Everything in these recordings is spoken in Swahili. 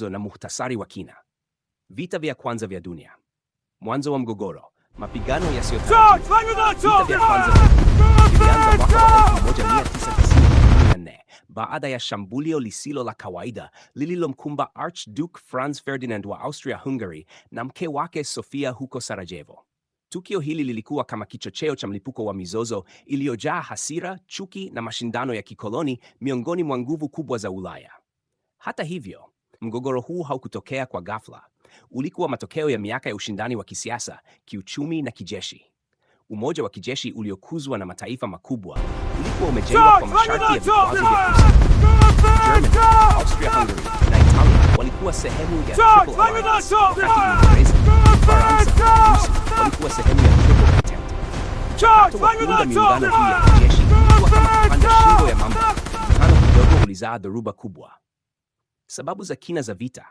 maelezo na muhtasari wa kina. Vita vya kwanza vya dunia, mwanzo wa mgogoro, mapigano yasiyotarajiwa baada ya shambulio lisilo la kawaida lililomkumba Archduke Franz Ferdinand wa Austria Hungary na mke wake Sofia huko Sarajevo. Tukio hili lilikuwa kama kichocheo cha mlipuko wa mizozo iliyojaa hasira, chuki na mashindano ya kikoloni miongoni mwa nguvu kubwa za Ulaya. Hata hivyo, Mgogoro huu haukutokea kwa ghafla. Ulikuwa matokeo ya miaka ya ushindani wa kisiasa, kiuchumi na kijeshi. Umoja wa kijeshi uliokuzwa na mataifa makubwa ulikuwa umejengwa kwa masharti ya vikwazo vya Austria-Hungary na Italia walikuwa sehemu ya walikuwa sehemu ya miungano hii ya kijeshi kama shingo ya mamba. kidogo ulizaa dhoruba kubwa. Sababu za kina za vita.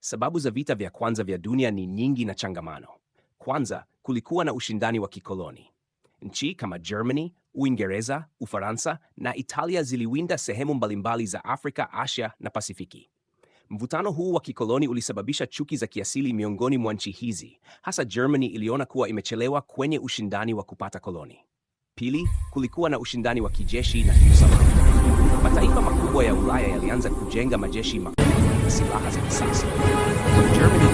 Sababu za vita vya kwanza vya dunia ni nyingi na changamano. Kwanza, kulikuwa na ushindani wa kikoloni. Nchi kama Germany, Uingereza, Ufaransa na Italia ziliwinda sehemu mbalimbali za Afrika, Asia na Pasifiki. Mvutano huu wa kikoloni ulisababisha chuki za kiasili miongoni mwa nchi hizi, hasa Germany iliona kuwa imechelewa kwenye ushindani wa kupata koloni. Pili, kulikuwa na ushindani wa kijeshi na kiusalama mataifa makubwa ya Ulaya yalianza kujenga majeshi makubwa silaha za kisasa. Germany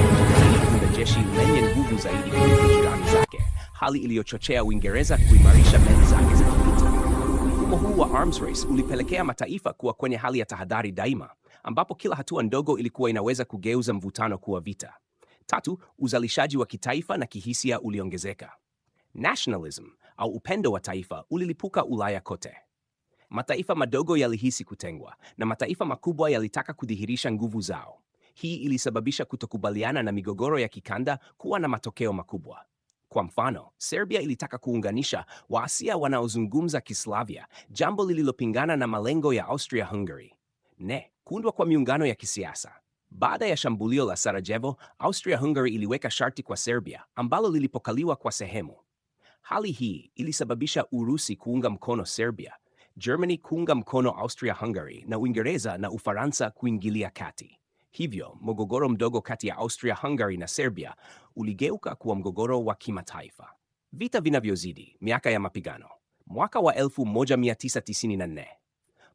iliunda jeshi lenye nguvu zaidi kuliko jirani zake, hali iliyochochea Uingereza kuimarisha meli zake za kivita. Mfumo huu wa arms race ulipelekea mataifa kuwa kwenye hali ya tahadhari daima, ambapo kila hatua ndogo ilikuwa inaweza kugeuza mvutano kuwa vita. Tatu, uzalishaji wa kitaifa na kihisia uliongezeka. Nationalism au upendo wa taifa ulilipuka Ulaya kote. Mataifa madogo yalihisi kutengwa na mataifa makubwa yalitaka kudhihirisha nguvu zao. Hii ilisababisha kutokubaliana na migogoro ya kikanda kuwa na matokeo makubwa. Kwa mfano, Serbia ilitaka kuunganisha Waasia wanaozungumza Kislavia, jambo lililopingana na malengo ya Austria-Hungary. Ne, kuundwa kwa miungano ya kisiasa. Baada ya shambulio la Sarajevo, Austria-Hungary iliweka sharti kwa Serbia ambalo lilipokaliwa kwa sehemu. Hali hii ilisababisha Urusi kuunga mkono Serbia Germany kuunga mkono Austria-Hungary na Uingereza na Ufaransa kuingilia kati. Hivyo, mgogoro mdogo kati ya Austria-Hungary na Serbia uligeuka kuwa mgogoro wa kimataifa. Vita vinavyozidi, miaka ya mapigano. Mwaka wa 1994.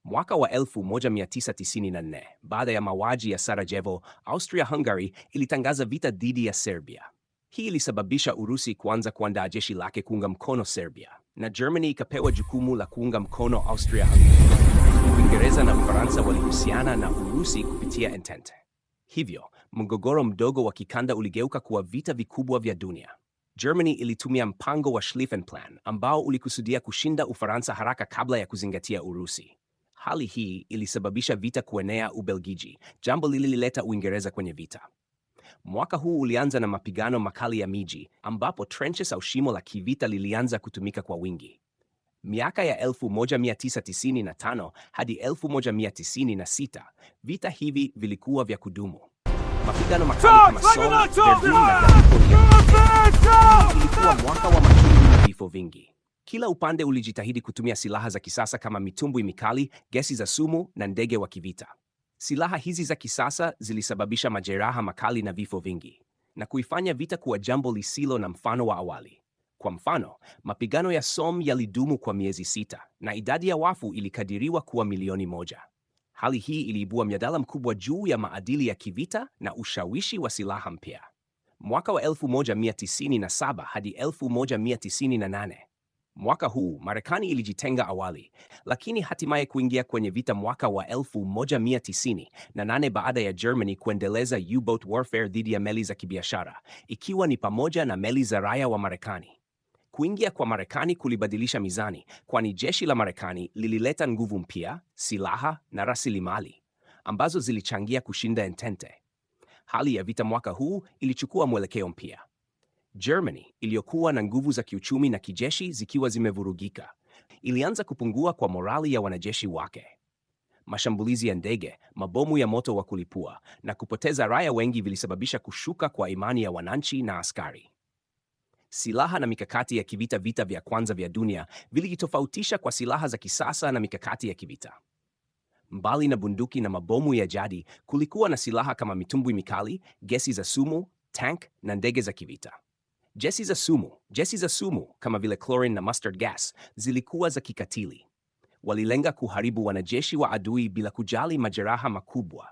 Mwaka wa 1994, baada ya mauaji ya Sarajevo, Austria-Hungary ilitangaza vita dhidi ya Serbia. Hii ilisababisha Urusi kuanza kuandaa jeshi lake kuunga mkono Serbia na Germany ikapewa jukumu la kuunga mkono Austria Hungary. Uingereza na Ufaransa walihusiana na Urusi kupitia Entente. Hivyo mgogoro mdogo wa kikanda uligeuka kuwa vita vikubwa vya dunia. Germany ilitumia mpango wa Schlieffen-Plan ambao ulikusudia kushinda Ufaransa haraka kabla ya kuzingatia Urusi. Hali hii ilisababisha vita kuenea Ubelgiji, jambo lililileta Uingereza kwenye vita. Mwaka huu ulianza na mapigano makali ya miji, ambapo trenches au shimo la kivita lilianza kutumika kwa wingi. Miaka ya 1995 hadi 1996, vita hivi vilikuwa vya kudumu. Mapigano ilikuwa mwaka wa machungu na vifo vingi. Kila upande ulijitahidi kutumia silaha za kisasa kama mitumbwi mikali, gesi za sumu na ndege wa kivita. Silaha hizi za kisasa zilisababisha majeraha makali na vifo vingi na kuifanya vita kuwa jambo lisilo na mfano wa awali. Kwa mfano, mapigano ya Somme yalidumu kwa miezi sita na idadi ya wafu ilikadiriwa kuwa milioni moja. Hali hii iliibua mjadala mkubwa juu ya maadili ya kivita na ushawishi wa silaha mpya. Mwaka wa 1197 hadi 1198 Mwaka huu Marekani ilijitenga awali, lakini hatimaye kuingia kwenye vita mwaka wa 1990 na nane baada ya Germany kuendeleza U-boat warfare dhidi ya meli za kibiashara, ikiwa ni pamoja na meli za raia wa Marekani. Kuingia kwa Marekani kulibadilisha mizani, kwani jeshi la Marekani lilileta nguvu mpya, silaha na rasilimali ambazo zilichangia kushinda Entente. Hali ya vita mwaka huu ilichukua mwelekeo mpya. Germany iliyokuwa na nguvu za kiuchumi na kijeshi zikiwa zimevurugika, ilianza kupungua kwa morali ya wanajeshi wake. Mashambulizi ya ndege, mabomu ya moto wa kulipua na kupoteza raia wengi vilisababisha kushuka kwa imani ya wananchi na askari. Silaha na mikakati ya kivita. Vita vya kwanza vya dunia vilijitofautisha kwa silaha za kisasa na mikakati ya kivita. Mbali na bunduki na mabomu ya jadi, kulikuwa na silaha kama mitumbwi mikali, gesi za sumu, tank na ndege za kivita. Gesi za sumu, gesi za sumu kama vile chlorine na mustard gas zilikuwa za kikatili. Walilenga kuharibu wanajeshi wa adui bila kujali majeraha makubwa.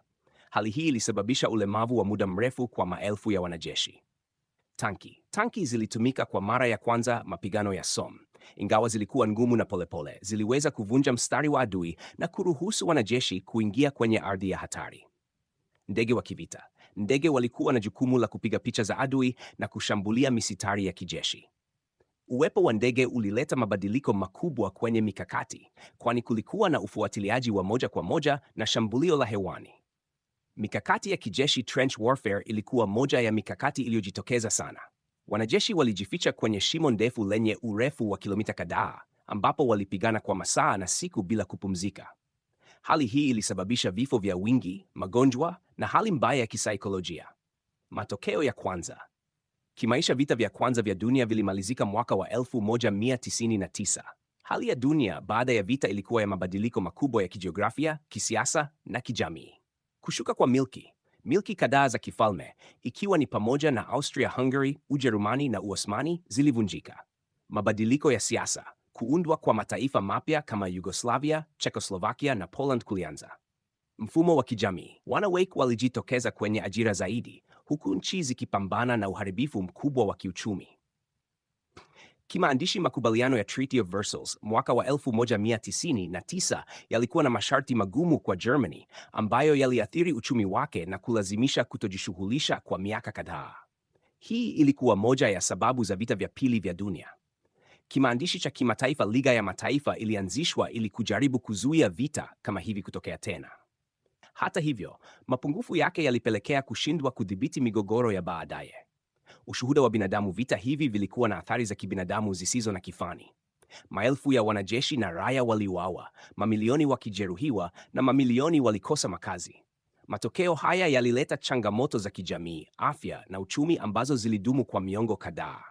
Hali hii ilisababisha ulemavu wa muda mrefu kwa maelfu ya wanajeshi. Tanki, tanki zilitumika kwa mara ya kwanza mapigano ya Somme. Ingawa zilikuwa ngumu na polepole, ziliweza kuvunja mstari wa adui na kuruhusu wanajeshi kuingia kwenye ardhi ya hatari. Ndege wa kivita, ndege walikuwa na jukumu la kupiga picha za adui na kushambulia misitari ya kijeshi. Uwepo wa ndege ulileta mabadiliko makubwa kwenye mikakati, kwani kulikuwa na ufuatiliaji wa moja kwa moja na shambulio la hewani. Mikakati ya kijeshi trench warfare ilikuwa moja ya mikakati iliyojitokeza sana. Wanajeshi walijificha kwenye shimo ndefu lenye urefu wa kilomita kadhaa, ambapo walipigana kwa masaa na siku bila kupumzika. Hali hii ilisababisha vifo vya wingi, magonjwa na hali mbaya ya kisaikolojia. Matokeo ya kwanza. Kimaisha, vita vya kwanza vya dunia vilimalizika mwaka wa 1199. Hali ya dunia baada ya vita ilikuwa ya mabadiliko makubwa ya kijiografia, kisiasa na kijamii. Kushuka kwa milki. Milki kadhaa za kifalme ikiwa ni pamoja na Austria-Hungary, Ujerumani na Uosmani zilivunjika. Mabadiliko ya siasa. Kuundwa kwa mataifa mapya kama Yugoslavia, Czechoslovakia na Poland kulianza. Mfumo wa kijamii. Wanawake walijitokeza kwenye ajira zaidi, huku nchi zikipambana na uharibifu mkubwa wa kiuchumi. Kimaandishi, makubaliano ya Treaty of Versailles mwaka wa 1199 yalikuwa na masharti magumu kwa Germany ambayo yaliathiri uchumi wake na kulazimisha kutojishughulisha kwa miaka kadhaa. Hii ilikuwa moja ya sababu za vita vya pili vya dunia. Kimaandishi cha kimataifa, Liga ya Mataifa ilianzishwa ili kujaribu kuzuia vita kama hivi kutokea tena. Hata hivyo, mapungufu yake yalipelekea kushindwa kudhibiti migogoro ya baadaye. Ushuhuda wa binadamu: vita hivi vilikuwa na athari za kibinadamu zisizo na kifani. Maelfu ya wanajeshi na raia waliuawa, mamilioni wakijeruhiwa, na mamilioni walikosa makazi. Matokeo haya yalileta changamoto za kijamii, afya na uchumi ambazo zilidumu kwa miongo kadhaa.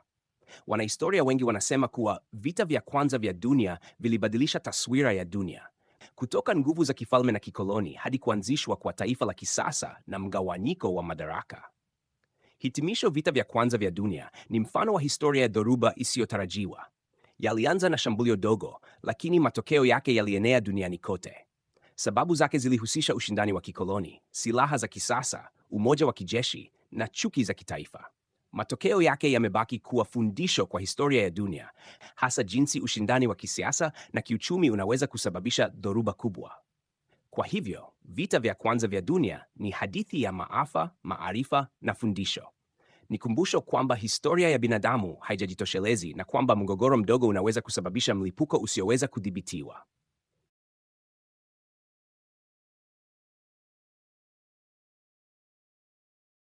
Wanahistoria wengi wanasema kuwa vita vya kwanza vya dunia vilibadilisha taswira ya dunia, kutoka nguvu za kifalme na kikoloni hadi kuanzishwa kwa taifa la kisasa na mgawanyiko wa madaraka. Hitimisho vita vya kwanza vya dunia ni mfano wa historia ya dhoruba isiyotarajiwa. Yalianza na shambulio dogo, lakini matokeo yake yalienea duniani kote. Sababu zake zilihusisha ushindani wa kikoloni, silaha za kisasa, umoja wa kijeshi na chuki za kitaifa. Matokeo yake yamebaki kuwa fundisho kwa historia ya dunia, hasa jinsi ushindani wa kisiasa na kiuchumi unaweza kusababisha dhoruba kubwa. Kwa hivyo, vita vya kwanza vya dunia ni hadithi ya maafa, maarifa na fundisho. Ni kumbusho kwamba historia ya binadamu haijajitoshelezi na kwamba mgogoro mdogo unaweza kusababisha mlipuko usioweza kudhibitiwa.